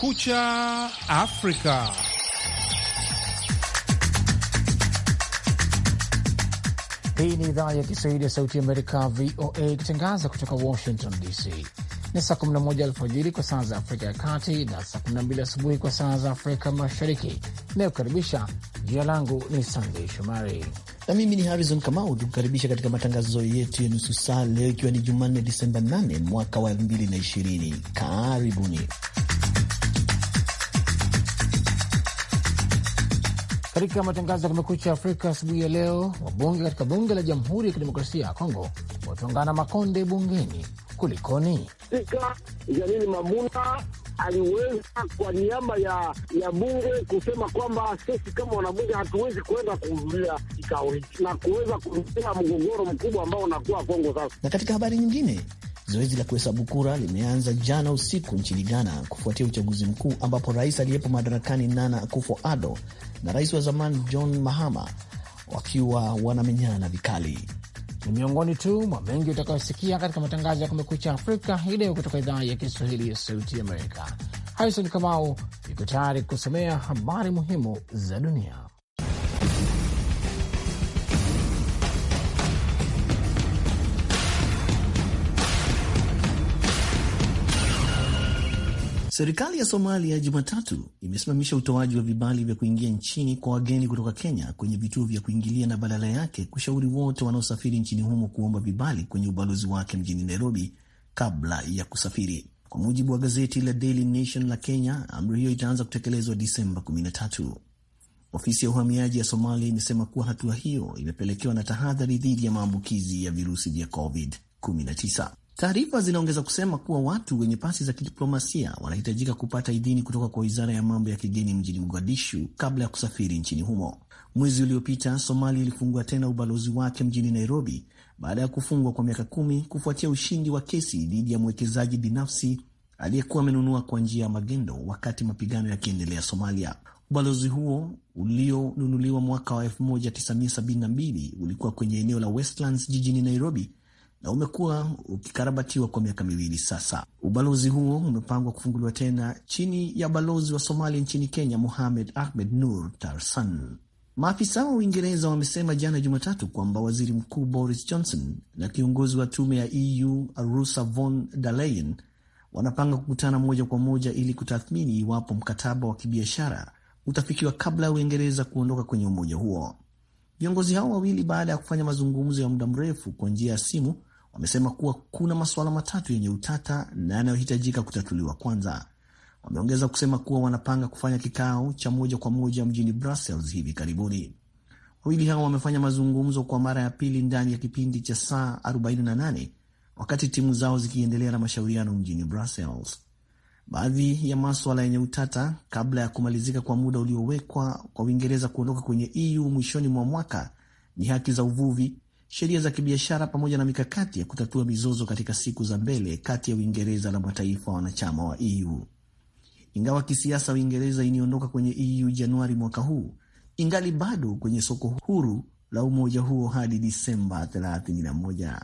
Kumekucha Afrika. Hii ni idhaa ya Kiswahili ya Sauti ya Amerika, VOA, ikitangaza kutoka Washington DC. Ni saa 11 alfajiri kwa saa za Afrika ya Kati na saa 12 asubuhi kwa saa za Afrika Mashariki. Inayokaribisha jina langu ni Sandei Shomari na mimi ni Harrison Kamau, tukukaribisha katika matangazo yetu ya nusu saa leo, ikiwa ni Jumanne Disemba 8 mwaka wa 2020. Karibuni. Katika matangazo ya Kumekucha Afrika asubuhi ya leo, wabunge katika bunge la Jamhuri ya Kidemokrasia ya Kongo watongana makonde bungeni. Kulikoni? Spika Janini Mabuna aliweza kwa niaba ya ya bunge kusema kwamba sisi kama wanabunge hatuwezi kuenda kuhudhuria kikao hiki na kuweza kurudia mgogoro mkubwa ambao unakuwa Kongo sasa. Na katika habari nyingine Zoezi la kuhesabu kura limeanza jana usiku nchini Ghana kufuatia uchaguzi mkuu ambapo rais aliyepo madarakani Nana Akufo-Addo na rais wa zamani John Mahama wakiwa wanamenyana vikali. Ni miongoni tu mwa mengi utakayosikia katika matangazo ya Kumekucha Afrika hii leo kutoka idhaa ya Kiswahili ya Sauti Amerika. Harison Kamau iko tayari kusomea habari muhimu za dunia. Serikali ya Somalia Jumatatu imesimamisha utoaji wa vibali vya kuingia nchini kwa wageni kutoka Kenya kwenye vituo vya kuingilia na badala yake kushauri wote wanaosafiri nchini humo kuomba vibali kwenye ubalozi wake mjini Nairobi kabla ya kusafiri. Kwa mujibu wa gazeti la Daily Nation la Kenya, amri hiyo itaanza kutekelezwa Disemba 13. Ofisi ya uhamiaji ya Somalia imesema kuwa hatua hiyo imepelekewa na tahadhari dhidi ya maambukizi ya virusi vya COVID-19. Taarifa zinaongeza kusema kuwa watu wenye pasi za kidiplomasia wanahitajika kupata idhini kutoka kwa wizara ya mambo ya kigeni mjini Mogadishu kabla ya kusafiri nchini humo. Mwezi uliopita, Somalia ilifungua tena ubalozi wake mjini Nairobi baada ya kufungwa kwa miaka kumi kufuatia ushindi wa kesi dhidi ya mwekezaji binafsi aliyekuwa amenunua kwa njia ya magendo wakati mapigano yakiendelea Somalia. Ubalozi huo ulionunuliwa mwaka wa 1972 ulikuwa kwenye eneo la Westlands jijini Nairobi na umekuwa ukikarabatiwa kwa miaka miwili sasa. Ubalozi huo umepangwa kufunguliwa tena chini ya balozi wa Somalia nchini Kenya, Muhamed Ahmed Nur Tarsan. Maafisa wa Uingereza wamesema jana Jumatatu kwamba waziri mkuu Boris Johnson na kiongozi wa tume ya EU Ursula von der Leyen wanapanga kukutana moja kwa moja ili kutathmini iwapo mkataba wa kibiashara utafikiwa kabla ya Uingereza kuondoka kwenye umoja huo. Viongozi hao wawili, baada ya kufanya mazungumzo ya muda mrefu kwa njia ya simu, wamesema kuwa kuna masuala matatu yenye utata na yanayohitajika kutatuliwa kwanza. Wameongeza kusema kuwa wanapanga kufanya kikao cha moja kwa moja mjini Brussels hivi karibuni. Wawili hao wamefanya mazungumzo kwa mara ya pili ndani ya kipindi cha saa 48 wakati timu zao zikiendelea na mashauriano mjini Brussels. Baadhi ya maswala yenye utata kabla ya kumalizika kwa muda uliowekwa kwa Uingereza kuondoka kwenye EU mwishoni mwa mwaka ni haki za uvuvi, sheria za kibiashara pamoja na mikakati ya kutatua mizozo katika siku za mbele kati ya Uingereza na mataifa wanachama wa EU. Ingawa kisiasa Uingereza iliondoka kwenye EU Januari mwaka huu, ingali bado kwenye soko huru la umoja huo hadi Disemba 31.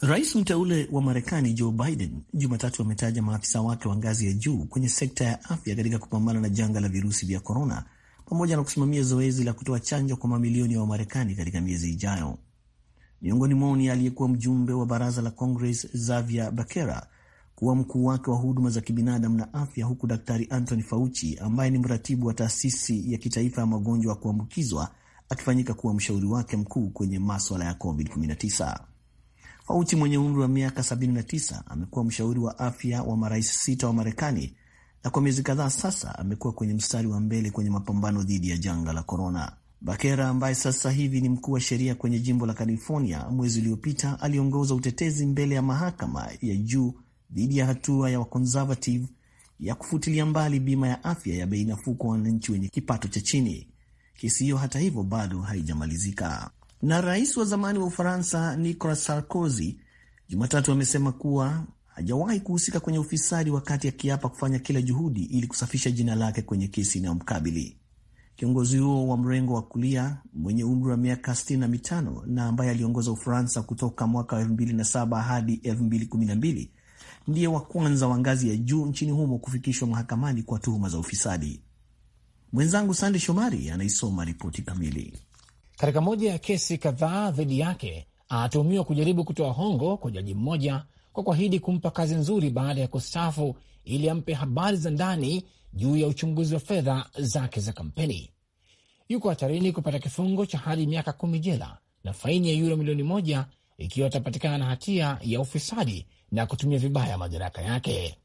Rais mteule wa Marekani Joe Biden Jumatatu ametaja maafisa wake wa ngazi ya juu kwenye sekta ya afya katika kupambana na janga la virusi vya korona, pamoja na kusimamia zoezi la kutoa chanjo kwa mamilioni ya wa Wamarekani katika miezi ijayo. Miongoni mwao ni aliyekuwa mjumbe wa baraza la Congress Xavier Becerra kuwa mkuu wake wa huduma za kibinadamu na afya, huku Daktari Anthony Fauci ambaye ni mratibu wa taasisi ya kitaifa ya magonjwa ya kuambukizwa akifanyika kuwa mshauri wake mkuu kwenye maswala ya COVID-19. Fauci mwenye umri wa miaka 79 amekuwa mshauri wa afya wa marais sita wa Marekani na kwa miezi kadhaa sasa amekuwa kwenye mstari wa mbele kwenye mapambano dhidi ya janga la korona. Bakera ambaye sasa hivi ni mkuu wa sheria kwenye jimbo la California, mwezi uliopita aliongoza utetezi mbele ya mahakama ya juu dhidi ya hatua ya wakonservative ya kufutilia mbali bima ya afya ya bei nafuu kwa wananchi wenye kipato cha chini. Kesi hiyo hata hivyo bado haijamalizika. Na rais wa zamani wa Ufaransa Nicolas Sarkozy Jumatatu amesema kuwa hajawahi kuhusika kwenye ufisadi wakati akiapa kufanya kila juhudi ili kusafisha jina lake kwenye kesi inayomkabili. Kiongozi huo wa mrengo wa kulia mwenye umri wa miaka 65 na ambaye aliongoza Ufaransa kutoka mwaka 2007 hadi 2012 ndiye wa kwanza wa ngazi ya juu nchini humo kufikishwa mahakamani kwa tuhuma za ufisadi. Mwenzangu Sande Shomari anaisoma ripoti kamili. Katika moja ya kesi kadhaa dhidi yake, anatuhumiwa kujaribu kutoa hongo kwa jaji mmoja kwa kuahidi kumpa kazi nzuri baada ya kustaafu ili ampe habari za ndani juu ya uchunguzi wa fedha zake za kampeni. Yuko hatarini kupata kifungo cha hadi miaka kumi jela na faini ya yuro milioni moja ikiwa atapatikana na hatia ya ufisadi na kutumia vibaya madaraka yake.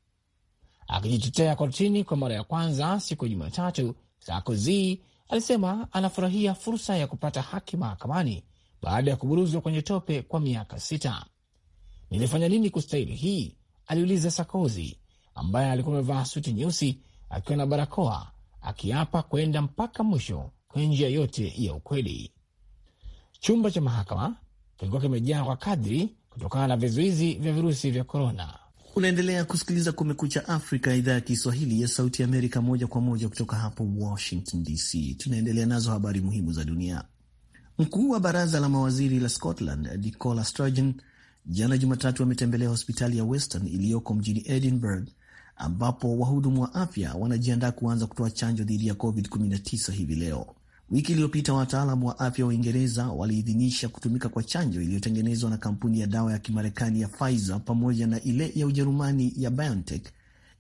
Akijitetea kortini kwa mara ya kwanza siku ya Jumatatu, Sarkozy alisema anafurahia fursa ya kupata haki mahakamani baada ya kuburuzwa kwenye tope kwa miaka sita. Nilifanya nini kustahili hii? aliuliza Sarkozy ambaye alikuwa amevaa suti nyeusi akiwa na barakoa, akiapa kwenda mpaka mwisho kwenye njia yote ya ukweli. Chumba cha mahakama kilikuwa kimejaa kwa kadri kutokana na vizuizi vya virusi vya korona. Unaendelea kusikiliza Kumekucha Afrika, idhaa ya Kiswahili ya Sauti ya Amerika, moja kwa moja kutoka hapo Washington DC. Tunaendelea nazo habari muhimu za dunia. Mkuu wa baraza la mawaziri la Scotland Nicola Sturgeon jana Jumatatu ametembelea hospitali ya Western iliyoko mjini Edinburgh ambapo wahudumu wa afya wanajiandaa kuanza kutoa chanjo dhidi ya COVID-19 hivi leo. Wiki iliyopita wataalamu wa afya wa Uingereza waliidhinisha kutumika kwa chanjo iliyotengenezwa na kampuni ya dawa ya Kimarekani ya Pfizer pamoja na ile ya Ujerumani ya BioNTech,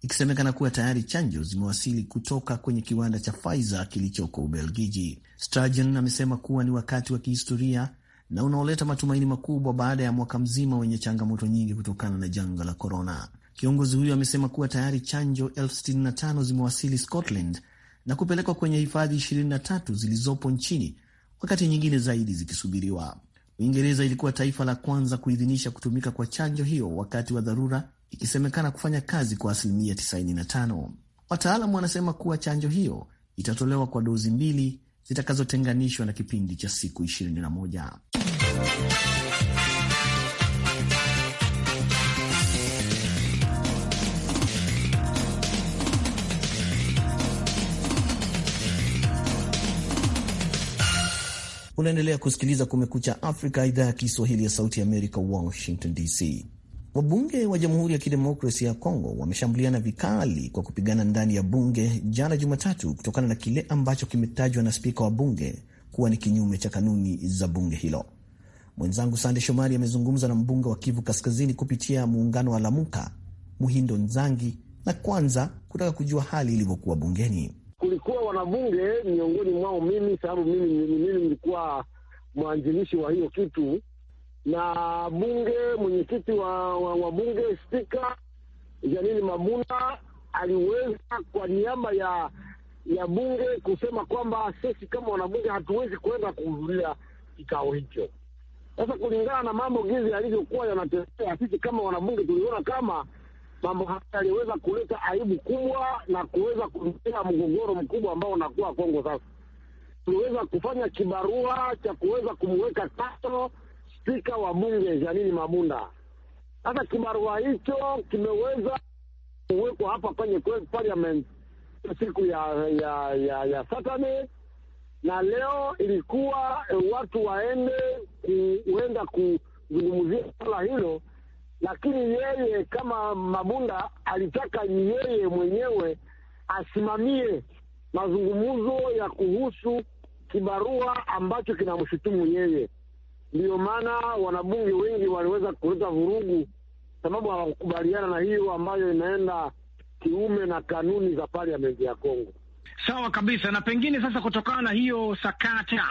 ikisemekana kuwa tayari chanjo zimewasili kutoka kwenye kiwanda cha Pfizer kilichoko Ubelgiji. strajen amesema kuwa ni wakati wa kihistoria na unaoleta matumaini makubwa baada ya mwaka mzima wenye changamoto nyingi kutokana na janga la korona. Kiongozi huyo amesema kuwa tayari chanjo elfu sitini na tano zimewasili Scotland na kupelekwa kwenye hifadhi 23 zilizopo nchini, wakati nyingine zaidi zikisubiriwa. Uingereza ilikuwa taifa la kwanza kuidhinisha kutumika kwa chanjo hiyo wakati wa dharura, ikisemekana kufanya kazi kwa asilimia 95. Wataalamu wanasema kuwa chanjo hiyo itatolewa kwa dozi mbili zitakazotenganishwa na kipindi cha siku 21. Unaendelea kusikiliza Kumekucha Afrika, idhaa ya Kiswahili ya Sauti ya Amerika, Washington DC. Wabunge wa Jamhuri ya Kidemokrasia ya Kongo wameshambuliana vikali kwa kupigana ndani ya bunge jana Jumatatu, kutokana na kile ambacho kimetajwa na spika wa bunge kuwa ni kinyume cha kanuni za bunge hilo. Mwenzangu Sande Shomari amezungumza na mbunge wa Kivu Kaskazini kupitia muungano wa Lamuka, Muhindo Nzangi, na kwanza kutaka kujua hali ilivyokuwa bungeni kulikuwa wanabunge miongoni mwao mimi, sababu mimi mimi nilikuwa mwanzilishi wa hiyo kitu, na bunge mwenyekiti wa, wa, wa bunge spika Janini Mabuna aliweza kwa niaba ya ya bunge kusema kwamba sisi kama wanabunge hatuwezi kuenda kuhudhuria kikao hicho. Sasa kulingana na mambo gizi yalivyokuwa yanatembea, sisi kama wanabunge tuliona kama mambo haya yaliweza kuleta aibu kubwa na kuweza kuea mgogoro mkubwa ambao unakuwa Kongo sasa. Tuliweza kufanya kibarua cha kuweza kumweka kando spika wa bunge Janini Mabunda. Sasa kibarua hicho kimeweza kuwekwa hapa kwenye parliament siku ya ya ya, ya Saturday na leo ilikuwa eh, watu waende kuenda kuzungumzia swala hilo lakini yeye kama Mabunda alitaka ni yeye mwenyewe asimamie mazungumzo ya kuhusu kibarua ambacho kinamshutumu yeye. Ndiyo maana wanabunge wengi waliweza kuleta vurugu, sababu hawakukubaliana na hiyo ambayo inaenda kiume na kanuni za parliament ya Kongo. Sawa kabisa. Na pengine sasa, kutokana na hiyo sakata,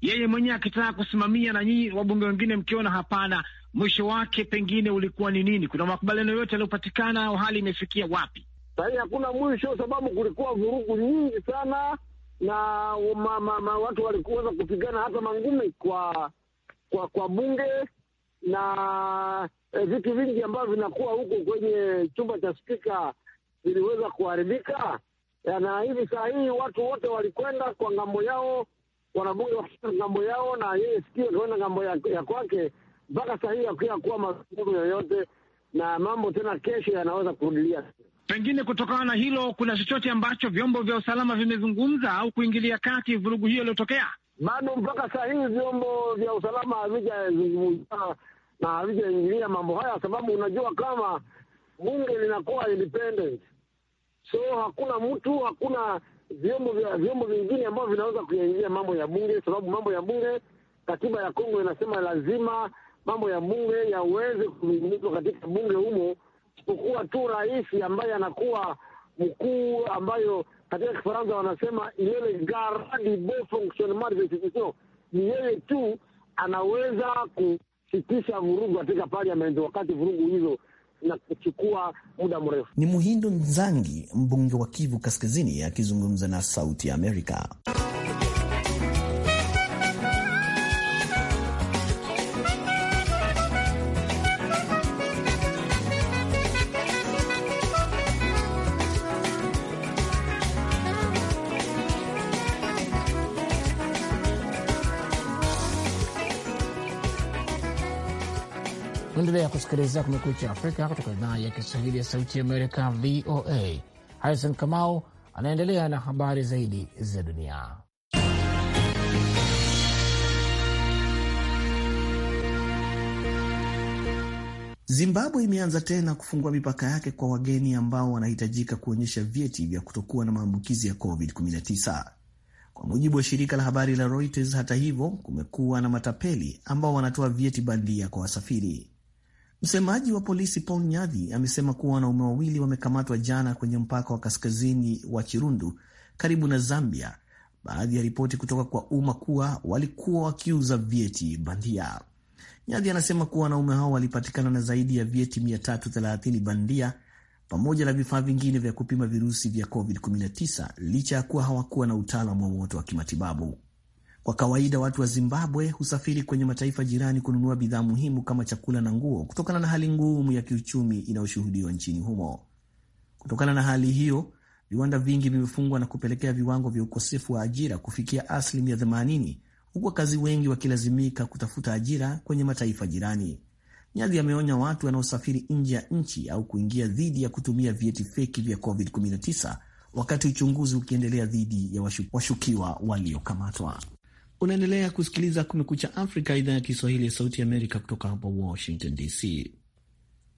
yeye mwenyewe akitaka kusimamia na nyinyi wabunge wengine mkiona hapana, mwisho wake pengine ulikuwa ni nini? Kuna makubaliano yote yaliyopatikana au hali imefikia wapi? Sahii hakuna mwisho, sababu kulikuwa vurugu nyingi sana na ma, ma, ma, watu walikuweza kupigana hata mangumi kwa kwa kwa bunge na e, eh, vitu vingi ambavyo vinakuwa huko kwenye chumba cha spika viliweza kuharibika, eh, na hivi saa hii watu wote walikwenda kwa ngambo yao, wanabunge wakienda ngambo yao na yeye sikio akaenda ngambo ya, ya kwake mpaka saa hii hakuya kuwa mazungumzo yoyote, na mambo tena kesho yanaweza kurudilia. Pengine kutokana na hilo, kuna chochote ambacho vyombo vya usalama vimezungumza au kuingilia kati vurugu hiyo iliyotokea? Bado mpaka saa hii vyombo vya usalama havijazungumza na havijaingilia mambo haya, sababu unajua kama bunge linakuwa independent, so hakuna mtu, hakuna vyombo vya vyombo vingine ambavyo vinaweza kuyaingilia mambo ya bunge, sababu mambo ya bunge, katiba ya Kongo inasema lazima mambo ya bunge yaweze kuzungumzwa katika bunge humo, isipokuwa tu rais ambaye anakuwa mkuu, ambayo katika Kifaransa wanasema ilele garant fonctionnement des institutions, ni yeye tu anaweza kusitisha vurugu katika parliament wakati vurugu hizo na kuchukua muda mrefu. Ni Muhindo Nzangi, mbunge wa Kivu Kaskazini, akizungumza na Sauti ya Amerika. Mnaendelea kusikiliza Kumekucha Afrika kutoka idhaa ya Kiswahili ya Sauti Amerika, VOA. Harison Kamau anaendelea na habari zaidi za dunia. Zimbabwe imeanza tena kufungua mipaka yake kwa wageni ambao wanahitajika kuonyesha vyeti vya kutokuwa na maambukizi ya COVID-19 kwa mujibu wa shirika la habari la Reuters. Hata hivyo, kumekuwa na matapeli ambao wanatoa vyeti bandia kwa wasafiri. Msemaji wa polisi Paul Nyadhi amesema kuwa wanaume wawili wamekamatwa jana kwenye mpaka wa kaskazini wa Chirundu karibu na Zambia, baadhi ya ripoti kutoka kwa umma kuwa walikuwa wakiuza vyeti bandia. Nyadhi anasema kuwa wanaume hao walipatikana na zaidi ya vyeti 330 bandia pamoja na vifaa vingine vya kupima virusi vya COVID-19 licha ya kuwa hawakuwa na utaalamu wowote wa kimatibabu. Kwa kawaida watu wa Zimbabwe husafiri kwenye mataifa jirani kununua bidhaa muhimu kama chakula na nguo kutokana na hali ngumu ya kiuchumi inayoshuhudiwa nchini humo. Kutokana na hali hiyo, viwanda vingi vimefungwa na kupelekea viwango vya ukosefu wa ajira kufikia asilimia 80 huku wakazi wengi wakilazimika kutafuta ajira kwenye mataifa jirani. Nyadhi ameonya watu wanaosafiri nje ya nchi au kuingia dhidi ya kutumia vyeti feki vya COVID-19 wakati uchunguzi ukiendelea dhidi ya washukiwa waliokamatwa. Unaendelea kusikiliza Kumekucha Afrika, idhaa ya Kiswahili ya Sauti Amerika, kutoka hapa Washington DC.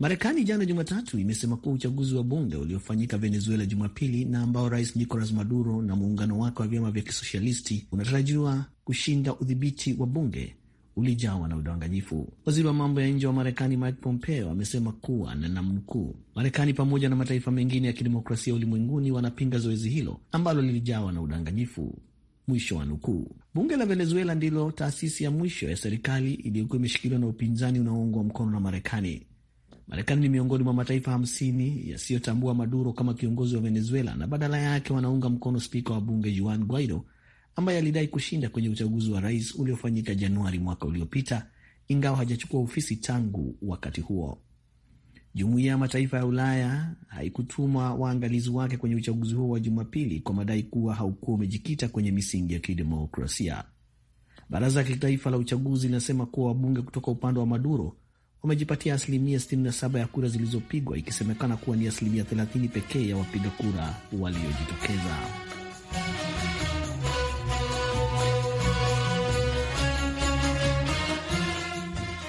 Marekani jana Jumatatu imesema kuwa uchaguzi wa bunge uliofanyika Venezuela Jumapili na ambao rais Nicolas Maduro na muungano wake wa vyama vya kisoshalisti unatarajiwa kushinda udhibiti wa bunge ulijawa na udanganyifu. Waziri wa mambo ya nje wa Marekani Mike Pompeo amesema kuwa na namnukuu, Marekani pamoja na mataifa mengine ya kidemokrasia ulimwenguni wanapinga zoezi hilo ambalo lilijawa na udanganyifu. Mwisho wa nukuu. Bunge la Venezuela ndilo taasisi ya mwisho ya serikali iliyokuwa imeshikiliwa na upinzani unaoungwa mkono na Marekani. Marekani ni miongoni mwa mataifa hamsini yasiyotambua Maduro kama kiongozi wa Venezuela, na badala yake wanaunga mkono spika wa bunge Juan Guaido ambaye alidai kushinda kwenye uchaguzi wa rais uliofanyika Januari mwaka uliopita, ingawa hajachukua ofisi tangu wakati huo. Jumuiya ya Mataifa ya Ulaya haikutuma waangalizi wake kwenye uchaguzi huo wa Jumapili kwa madai kuwa haukuwa umejikita kwenye misingi ya kidemokrasia. Baraza la kitaifa la uchaguzi linasema kuwa wabunge kutoka upande wa Maduro wamejipatia asilimia 67 ya kura zilizopigwa, ikisemekana kuwa ni asilimia 30 pekee ya wapiga kura waliojitokeza.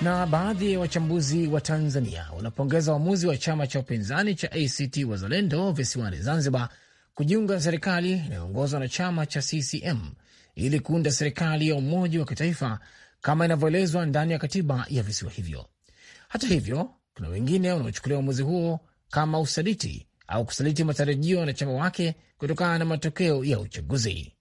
Na baadhi ya wachambuzi wa Tanzania wanapongeza uamuzi wa chama cha upinzani cha ACT Wazalendo visiwani Zanzibar kujiunga na serikali inayoongozwa na chama cha CCM ili kuunda serikali ya umoja wa kitaifa kama inavyoelezwa ndani ya katiba ya visiwa hivyo. Hata hivyo, kuna wengine wanaochukulia uamuzi huo kama usaliti au kusaliti matarajio na wanachama wake kutokana na matokeo ya uchaguzi.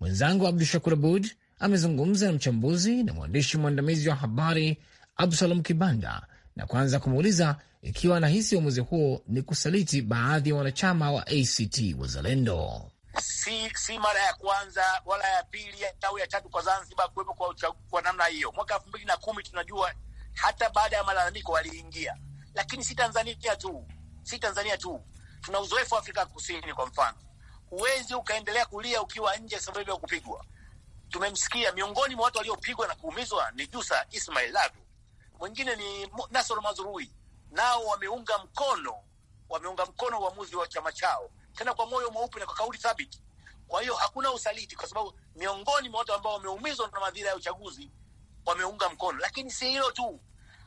Mwenzangu Abdu Shakur Abud amezungumza na mchambuzi na mwandishi mwandamizi wa habari Absalom Kibanda na kwanza kumuuliza ikiwa anahisi uamuzi huo ni kusaliti baadhi ya wanachama wa ACT Wazalendo. Si, si mara ya kwanza wala ya pili au ya tatu kwa Zanzibar kuwepo kwa, kwa namna hiyo. Mwaka elfu mbili na kumi tunajua hata baada ya malalamiko waliingia, lakini si Tanzania tu, si Tanzania tu, tuna uzoefu wa Afrika Kusini kwa mfano. Huwezi ukaendelea kulia ukiwa nje sababu ya kupigwa. Tumemsikia miongoni mwa watu waliopigwa na kuumizwa ni Jusa Ismail Lagu, mwingine ni Nasoro Mazurui, nao wameunga mkono wameunga mkono uamuzi wa chama chao, tena kwa moyo mweupe na kwa kauli thabiti. Kwa hiyo hakuna usaliti, kwa sababu miongoni mwa watu ambao wameumizwa na madhira ya uchaguzi wameunga mkono. Lakini si hilo tu,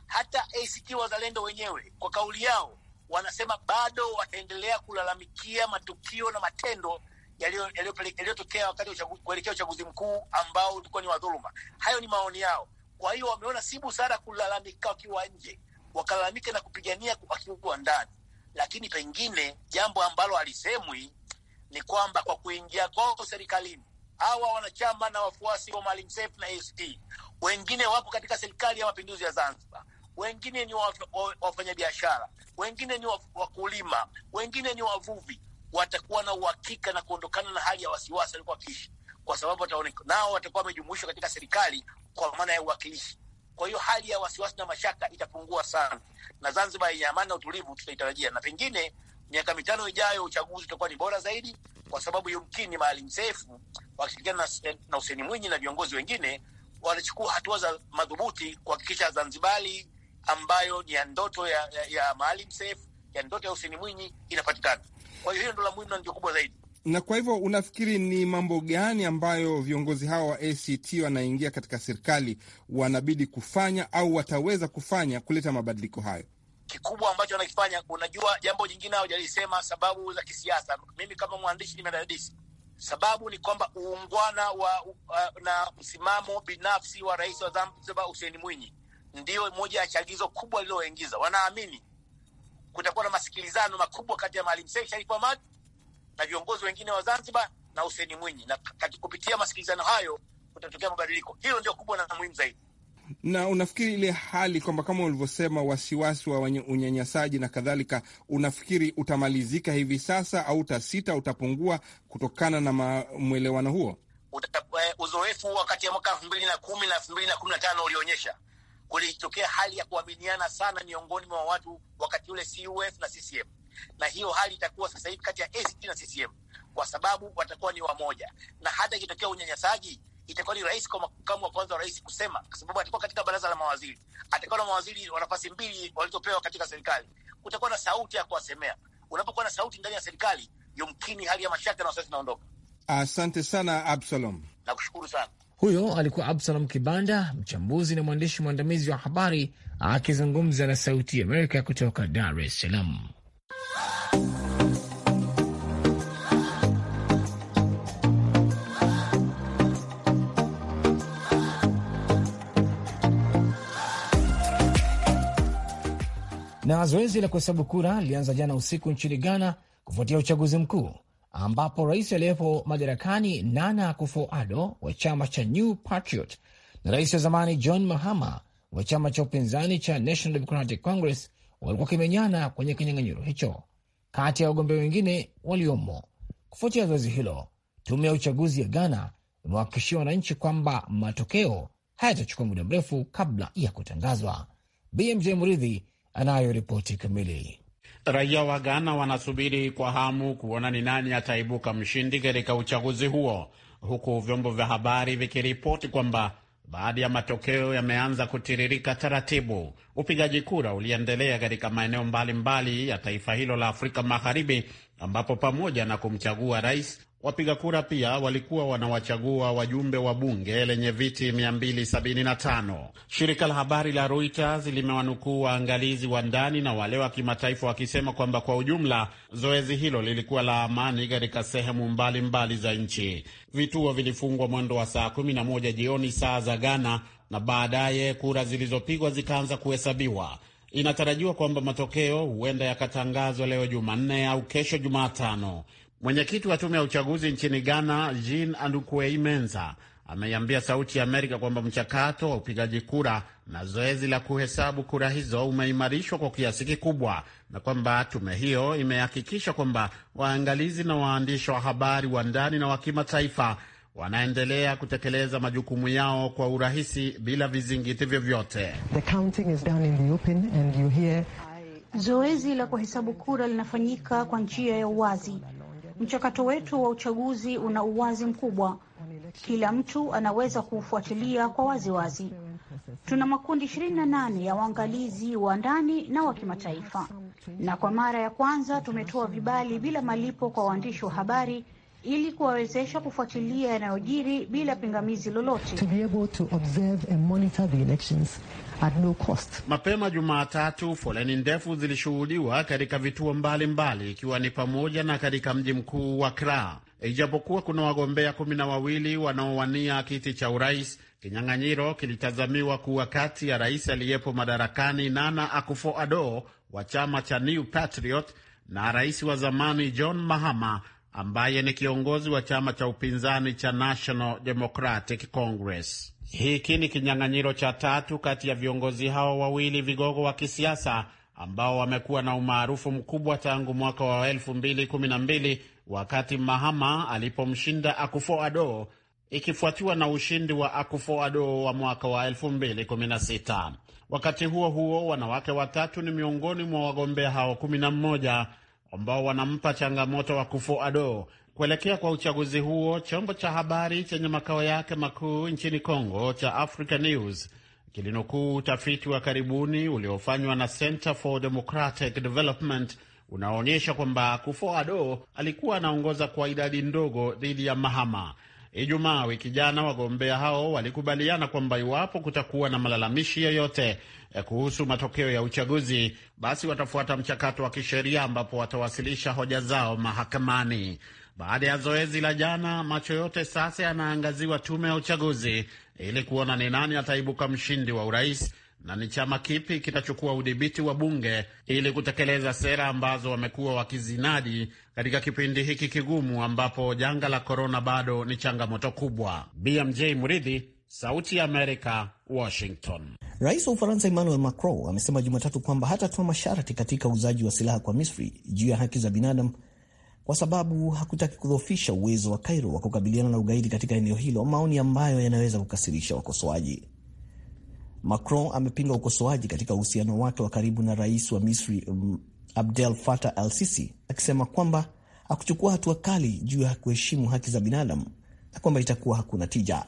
hata ACT Wazalendo wenyewe kwa kauli yao wanasema bado wataendelea kulalamikia matukio na matendo yaliyotokea wakati kuelekea uchaguzi mkuu ambao ulikuwa ni wadhuluma. Hayo ni maoni yao. Kwa hiyo wameona si busara kulalamika wakiwa nje, wakalalamika na kupigania wakiwa ndani. Lakini pengine jambo ambalo halisemwi ni kwamba kwa kuingia kwao serikalini hawa wanachama na wafuasi wa Maalim Seif na ACT wengine wapo katika serikali ya mapinduzi ya Zanzibar, wengine ni wafanyabiashara, wengine ni wakulima, wengine ni wavuvi watakuwa na uhakika na kuondokana na hali ya wasiwasi walikuwa wakiishi, kwa sababu nao watakuwa wamejumuishwa katika serikali kwa maana ya uwakilishi. Kwa hiyo hali ya wasiwasi na mashaka itapungua sana, na Zanzibar yenye amani na utulivu tutaitarajia, na pengine miaka mitano ijayo uchaguzi utakuwa ni bora zaidi, kwa sababu yumkini Maalim Seif wakishirikiana na Hussein Mwinyi na viongozi wengine wanachukua hatua za madhubuti kuhakikisha Zanzibari ambayo ni ya ndoto ya, ya, ya Maalim Seif ya ndoto ya Hussein Mwinyi inapatikana. Kwa hiyo hiyo ndo la muhimu na ndio kubwa zaidi. Na kwa hivyo unafikiri ni mambo gani ambayo viongozi hawa wa ACT wanaingia katika serikali wanabidi kufanya au wataweza kufanya kuleta mabadiliko hayo? Kikubwa ambacho wanakifanya, unajua, jambo jingine hawajalisema, sababu za kisiasa. Mimi kama mwandishi nimedadisi, sababu ni kwamba uungwana wa uh, na msimamo binafsi wa rais wa Zanzibar Huseni Mwinyi ndio moja ya chagizo kubwa lililoingiza. Wanaamini kutakuwa na masikilizano makubwa kati ya Maalim Seif Sharif Hamad na viongozi wengine wa Zanzibar na Hussein Mwinyi, na kupitia masikilizano hayo kutatokea mabadiliko. Hilo ndio kubwa na muhimu zaidi. Na unafikiri ile hali kwamba kama ulivyosema, wasiwasi wa unyanyasaji na kadhalika, unafikiri utamalizika hivi sasa au utasita, utapungua kutokana na mwelewano huo? Eh, uzoefu wakati ya mwaka elfu mbili na kumi na elfu mbili na kumi na tano ulionyesha kulitokea hali ya kuaminiana sana miongoni mwa watu wakati ule CUF na CCM, na hiyo hali itakuwa sasa hivi kati ya ACT na CCM kwa sababu watakuwa ni wamoja, na hata ikitokea unyanyasaji itakuwa ni rahisi kwa makamu wa kwanza wa rais kusema, kwa sababu atakuwa katika baraza la mawaziri, atakuwa na mawaziri wa nafasi mbili walizopewa katika serikali, kutakuwa na sauti ya kuwasemea. Unapokuwa na sauti ndani ya serikali, yumkini hali ya mashaka na wasiwasi inaondoka. Asante sana Absalom, nakushukuru sana. Huyo alikuwa Absalom Kibanda, mchambuzi na mwandishi mwandamizi wa habari akizungumza na Sauti ya Amerika kutoka Dar es Salaam. Na zoezi la kuhesabu kura lilianza jana usiku nchini Ghana kufuatia uchaguzi mkuu ambapo rais aliyepo madarakani Nana Akufo-Addo wa chama cha New Patriot na rais wa zamani John Mahama wa chama cha upinzani cha National Democratic Congress walikuwa kimenyana kwenye kinyang'anyiro hicho kati ya wagombea wengine waliomo. Kufuatia zoezi hilo, tume ya uchaguzi ya Ghana imewahakikishia wananchi kwamba matokeo hayatachukua muda mrefu kabla ya kutangazwa. BMJ Muridhi anayo ripoti kamili. Raia wa Ghana wanasubiri kwa hamu kuona ni nani ataibuka mshindi katika uchaguzi huo, huku vyombo vya habari vikiripoti kwamba baadhi ya matokeo yameanza kutiririka taratibu. Upigaji kura uliendelea katika maeneo mbalimbali mbali ya taifa hilo la Afrika Magharibi, ambapo pamoja na kumchagua rais Wapiga kura pia walikuwa wanawachagua wajumbe wa bunge lenye viti 275. Shirika la habari la Reuters limewanukuu waangalizi wa ndani na wale wa kimataifa wakisema kwamba kwa ujumla zoezi hilo lilikuwa la amani katika sehemu mbalimbali za nchi. Vituo vilifungwa mwendo wa saa 11 jioni saa za Ghana, na baadaye kura zilizopigwa zikaanza kuhesabiwa. Inatarajiwa kwamba matokeo huenda yakatangazwa leo Jumanne au kesho Jumatano. Mwenyekiti wa tume ya uchaguzi nchini Ghana, Jean Andukueimenza, ameiambia Sauti ya Amerika kwamba mchakato wa upigaji kura na zoezi la kuhesabu kura hizo umeimarishwa kwa kiasi kikubwa na kwamba tume hiyo imehakikisha kwamba waangalizi na waandishi wa habari wa ndani na wa kimataifa wanaendelea kutekeleza majukumu yao kwa urahisi bila vizingiti vyovyote. Zoezi la kuhesabu kura linafanyika kwa njia ya uwazi Mchakato wetu wa uchaguzi una uwazi mkubwa, kila mtu anaweza kuufuatilia kwa waziwazi wazi. Tuna makundi 28 ya waangalizi wa ndani na wa kimataifa, na kwa mara ya kwanza tumetoa vibali bila malipo kwa waandishi wa habari ili kuwawezesha kufuatilia yanayojiri bila pingamizi lolote at no cost. Mapema Jumatatu, foleni ndefu zilishuhudiwa katika vituo mbalimbali ikiwa ni pamoja na katika mji mkuu wa Accra. Ijapokuwa kuna wagombea kumi na wawili wanaowania kiti cha urais, kinyang'anyiro kilitazamiwa kuwa kati ya rais aliyepo madarakani Nana Akufo-Addo wa chama cha New Patriot na rais wa zamani John Mahama ambaye ni kiongozi wa chama cha upinzani cha National Democratic Congress. Hiki ni kinyang'anyiro cha tatu kati ya viongozi hao wawili vigogo wa kisiasa ambao wamekuwa na umaarufu mkubwa tangu mwaka wa 2012 wakati Mahama alipomshinda Akufo-Addo, ikifuatiwa na ushindi wa Akufo-Addo wa mwaka wa 2016. Wakati huo huo, wanawake watatu ni miongoni mwa wagombea hao 11 ambao wanampa changamoto Akufo-Addo Kuelekea kwa uchaguzi huo, chombo cha habari chenye makao yake makuu nchini congo cha Africa News kilinukuu utafiti wa karibuni uliofanywa na Center for Democratic Development unaonyesha kwamba Kufuor-Addo alikuwa anaongoza kwa idadi ndogo dhidi ya Mahama. Ijumaa wiki jana, wagombea hao walikubaliana kwamba iwapo kutakuwa na malalamishi yoyote eh, kuhusu matokeo ya uchaguzi, basi watafuata mchakato wa kisheria ambapo watawasilisha hoja zao mahakamani. Baada ya zoezi la jana, macho yote sasa yanaangaziwa tume ya uchaguzi ili kuona ni nani ataibuka mshindi wa urais na ni chama kipi kitachukua udhibiti wa bunge ili kutekeleza sera ambazo wamekuwa wakizinadi katika kipindi hiki kigumu ambapo janga la korona bado ni changamoto kubwa. BMJ Muridhi, Sauti ya Amerika, Washington. Rais wa Ufaransa Emmanuel Macron amesema Jumatatu kwamba hatatoa masharti katika uuzaji wa silaha kwa Misri juu ya haki za binadamu kwa sababu hakutaki kudhoofisha uwezo wa Cairo wa kukabiliana na ugaidi katika eneo hilo, maoni ambayo yanaweza kukasirisha wakosoaji. Macron amepinga ukosoaji katika uhusiano wake wa karibu na rais wa Misri um, Abdel Fattah al-Sisi akisema kwamba hakuchukua hatua kali juu ya kuheshimu haki za binadamu na kwamba itakuwa hakuna tija.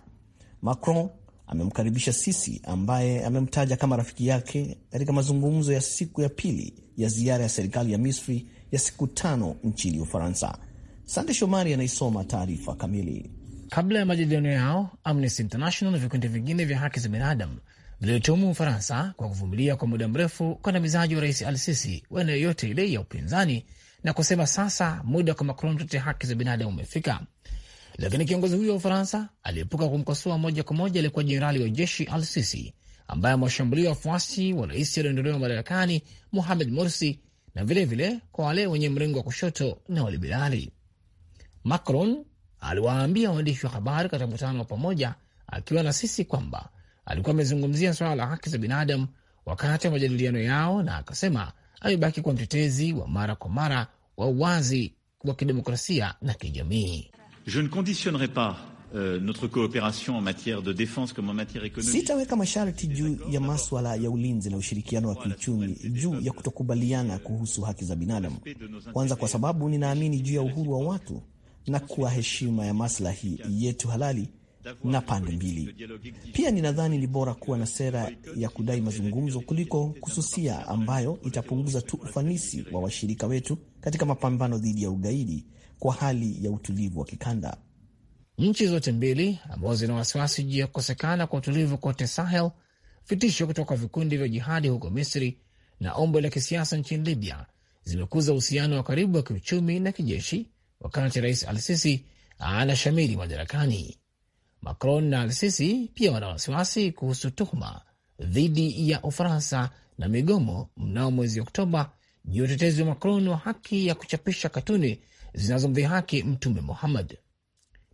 Macron amemkaribisha Sisi ambaye amemtaja kama rafiki yake katika mazungumzo ya siku ya pili ya ziara ya serikali ya Misri ya siku tano nchini Ufaransa. Sande Shomari anaisoma taarifa kamili. Kabla ya majadiliano yao, Amnesty International na vikundi vingine vya haki za binadamu viliotuhumu Ufaransa kwa kuvumilia kwa muda mrefu ukandamizaji wa rais Al Sisi wa eneo yote ile ya upinzani na kusema sasa muda kwa Macron kutetea haki za binadamu umefika. Lakini kiongozi huyo wa Ufaransa aliepuka kumkosoa moja kwa moja aliyekuwa jenerali wa jeshi Al Sisi ambaye amewashambulia wafuasi wa rais aliondolewa madarakani Muhamed Morsi na vilevile vile kwa wale wenye mrengo wa kushoto na waliberali. Macron aliwaambia waandishi wa habari katika mkutano wa pamoja akiwa na sisi kwamba alikuwa amezungumzia suala la haki za binadamu wakati wa majadiliano yao, na akasema amebaki kuwa mtetezi wa mara kwa mara wa uwazi wa kidemokrasia na kijamii. Je ne conditionnerai pas Euh, notre coopération en matière de défense comme en matière économique. Sitaweka masharti juu ya maswala ya ulinzi na ushirikiano wa kiuchumi juu ya kutokubaliana euh, kuhusu haki za binadamu, kwanza kwa sababu ninaamini juu ya uhuru wa watu na kuwa heshima ya maslahi yetu halali na pande mbili. Pia ninadhani ni bora kuwa na sera ya kudai mazungumzo kuliko kususia, ambayo itapunguza tu ufanisi wa washirika wetu katika mapambano dhidi ya ugaidi kwa hali ya utulivu wa kikanda. Nchi zote mbili ambazo zina wasiwasi juu ya kukosekana kwa utulivu kote Sahel, vitisho kutoka kwa vikundi vya jihadi huko Misri na ombo la kisiasa nchini Libya zimekuza uhusiano wa karibu wa kiuchumi na kijeshi, wakati Rais Al Sisi anashamiri madarakani. Macron na Al Sisi pia wana wasiwasi kuhusu tuhuma dhidi ya Ufaransa na migomo mnao mwezi Oktoba juu ya utetezi wa Macron wa haki ya kuchapisha katuni zinazomdhihaki Mtume Muhammad.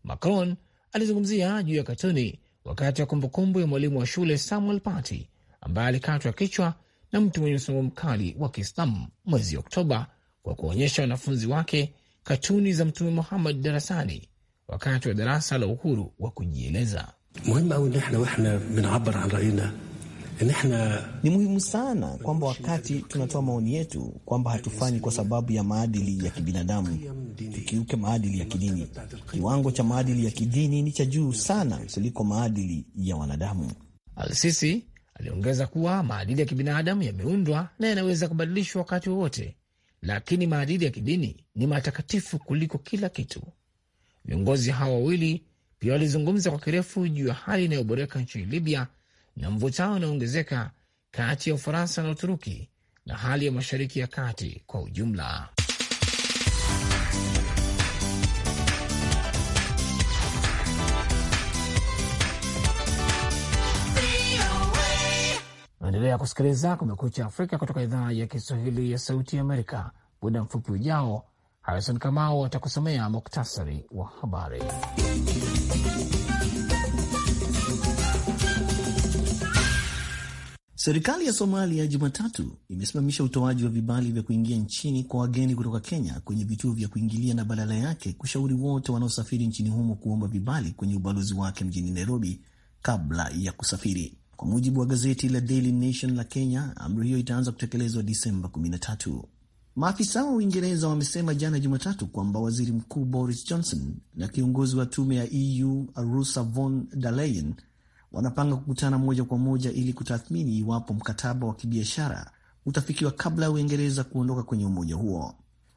Macron alizungumzia juu ya katuni wakati wa kumbukumbu ya mwalimu wa shule Samuel Paty ambaye alikatwa kichwa na mtu mwenye msimamo mkali wa Kiislamu mwezi Oktoba kwa kuonyesha wanafunzi wake katuni za Mtume Muhammad darasani wakati wa darasa la uhuru wa kujieleza. muhimu nahna wahna an Yaani ni muhimu sana kwamba wakati tunatoa maoni yetu kwamba yaani hatufanyi kwa sababu ya maadili ya kibinadamu, tukiuke maadili ya kidini. Kiwango cha maadili ya kidini ni cha juu sana kuliko maadili ya wanadamu. alsisi aliongeza kuwa maadili ya kibinadamu yameundwa na yanaweza kubadilishwa wakati wowote, lakini maadili ya kidini ni matakatifu kuliko kila kitu. Viongozi hawa wawili pia walizungumza kwa kirefu juu ya hali inayoboreka nchini Libya na mvutano unaongezeka kati ya Ufaransa na Uturuki na hali ya Mashariki ya Kati kwa ujumla. Endelea kusikiliza Kumekucha Afrika kutoka idhaa ya Kiswahili ya Sauti ya Amerika. Muda mfupi ujao, Harison Kamau atakusomea muktasari wa habari. Serikali ya Somalia Jumatatu imesimamisha utoaji wa vibali vya kuingia nchini kwa wageni kutoka Kenya kwenye vituo vya kuingilia na badala yake kushauri wote wanaosafiri nchini humo kuomba vibali kwenye ubalozi wake mjini Nairobi kabla ya kusafiri. Kwa mujibu wa gazeti la Daily Nation la Kenya, amri hiyo itaanza kutekelezwa Disemba 13. Maafisa wa Uingereza wamesema jana Jumatatu kwamba waziri mkuu Boris Johnson na kiongozi wa tume ya EU Ursula von der Leyen wanapanga kukutana moja kwa moja ili kutathmini iwapo mkataba wa kibiashara utafikiwa kabla ya Uingereza kuondoka kwenye umoja huo.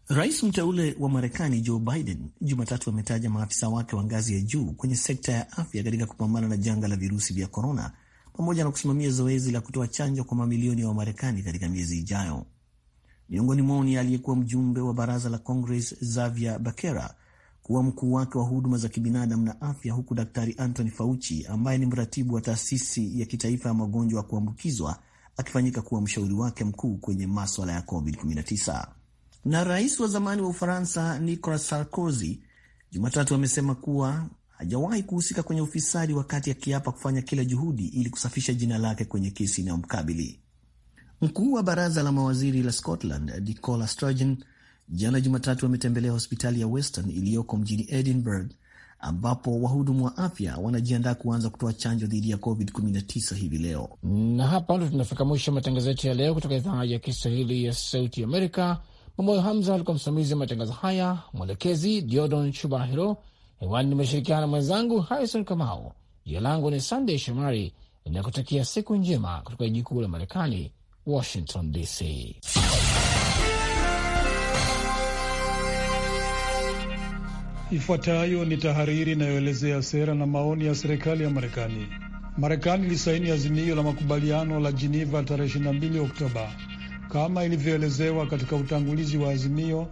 Rais mteule wa Marekani Joe Biden Jumatatu ametaja maafisa wake wa ngazi ya juu kwenye sekta ya afya katika kupambana na janga la virusi vya korona, pamoja na kusimamia zoezi la kutoa chanjo kwa mamilioni ya wa Wamarekani katika miezi ijayo. Miongoni mwao ni aliyekuwa mjumbe wa baraza la Congress Xavier Becerra kuwa mkuu wake wa huduma za kibinadamu na afya, huku Daktari Anthony Fauci ambaye ni mratibu wa taasisi ya kitaifa ya magonjwa ya kuambukizwa akifanyika kuwa mshauri wake mkuu kwenye maswala ya COVID-19. Na rais wa zamani wa Ufaransa Nicolas Sarkozy Jumatatu amesema kuwa hajawahi kuhusika kwenye ufisadi wakati akiapa kufanya kila juhudi ili kusafisha jina lake kwenye kesi inayomkabili. Mkuu wa baraza la mawaziri la Scotland Nicola Sturgeon jana Jumatatu ametembelea hospitali ya Western iliyoko mjini Edinburgh, ambapo wahudumu wa afya wanajiandaa kuanza kutoa chanjo dhidi ya COVID-19 hivi leo. Na hapa ndo tunafika mwisho matangazo yetu ya leo kutoka idhaa ya Kiswahili ya Sauti Amerika. Mamoyo Hamza alikuwa msimamizi wa matangazo haya, mwelekezi Diodon Shubahiro. Hewani nimeshirikiana na mwenzangu Harrison Kamau. Jina langu ni Sandey Shomari, inakutakia siku njema kutoka jiji kuu la Marekani, Washington DC. Ifuatayo ni tahariri inayoelezea sera na maoni ya serikali ya Marekani. Marekani ilisaini azimio la makubaliano la jiniva tarehe 22 Oktoba. Kama ilivyoelezewa katika utangulizi wa azimio,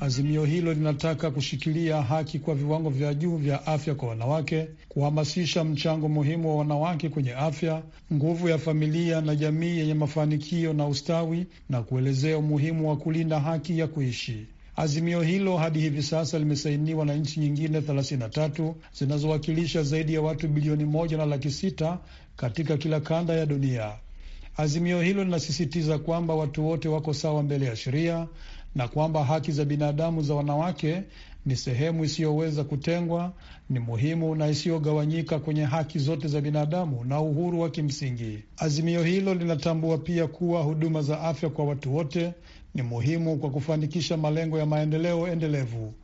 azimio hilo linataka kushikilia haki kwa viwango vya juu vya afya kwa wanawake, kuhamasisha mchango muhimu wa wanawake kwenye afya, nguvu ya familia na jamii yenye mafanikio na ustawi, na kuelezea umuhimu wa kulinda haki ya kuishi. Azimio hilo hadi hivi sasa limesainiwa na nchi nyingine 33 zinazowakilisha zaidi ya watu bilioni moja na laki sita katika kila kanda ya dunia. Azimio hilo linasisitiza kwamba watu wote wako sawa mbele ya sheria na kwamba haki za binadamu za wanawake ni sehemu isiyoweza kutengwa, ni muhimu na isiyogawanyika kwenye haki zote za binadamu na uhuru wa kimsingi. Azimio hilo linatambua pia kuwa huduma za afya kwa watu wote ni muhimu kwa kufanikisha malengo ya maendeleo endelevu.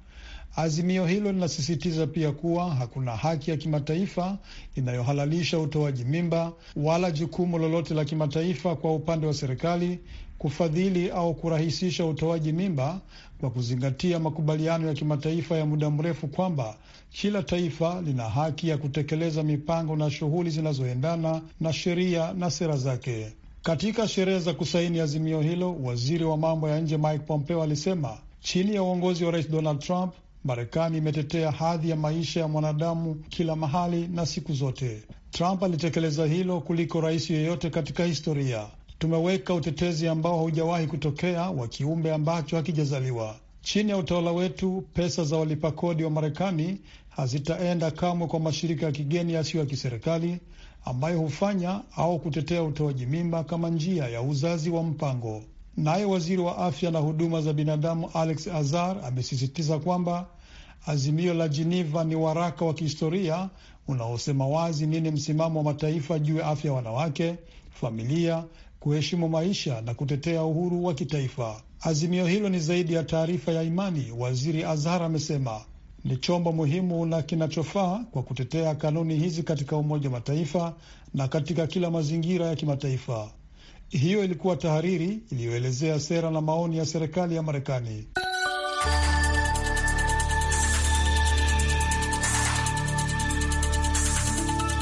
Azimio hilo linasisitiza pia kuwa hakuna haki ya kimataifa inayohalalisha utoaji mimba wala jukumu lolote la kimataifa kwa upande wa serikali kufadhili au kurahisisha utoaji mimba kwa kuzingatia makubaliano ya kimataifa ya muda mrefu kwamba kila taifa lina haki ya kutekeleza mipango na shughuli zinazoendana na sheria na sera zake. Katika sherehe za kusaini azimio hilo, waziri wa mambo ya nje Mike Pompeo alisema chini ya uongozi wa rais Donald Trump, Marekani imetetea hadhi ya maisha ya mwanadamu kila mahali na siku zote. Trump alitekeleza hilo kuliko rais yeyote katika historia. Tumeweka utetezi ambao haujawahi kutokea wa kiumbe ambacho hakijazaliwa. Chini ya utawala wetu, pesa za walipa kodi wa Marekani hazitaenda kamwe kwa mashirika ya kigeni yasiyo ya kiserikali ambayo hufanya au kutetea utoaji mimba kama njia ya uzazi wa mpango. Naye waziri wa afya na huduma za binadamu Alex Azar amesisitiza kwamba azimio la Geneva ni waraka wa kihistoria unaosema wazi nini msimamo wa mataifa juu ya afya ya wanawake, familia, kuheshimu maisha na kutetea uhuru wa kitaifa. Azimio hilo ni zaidi ya taarifa ya imani, waziri Azhar amesema ni chombo muhimu na kinachofaa kwa kutetea kanuni hizi katika Umoja wa Mataifa na katika kila mazingira ya kimataifa. Hiyo ilikuwa tahariri iliyoelezea sera na maoni ya serikali ya Marekani.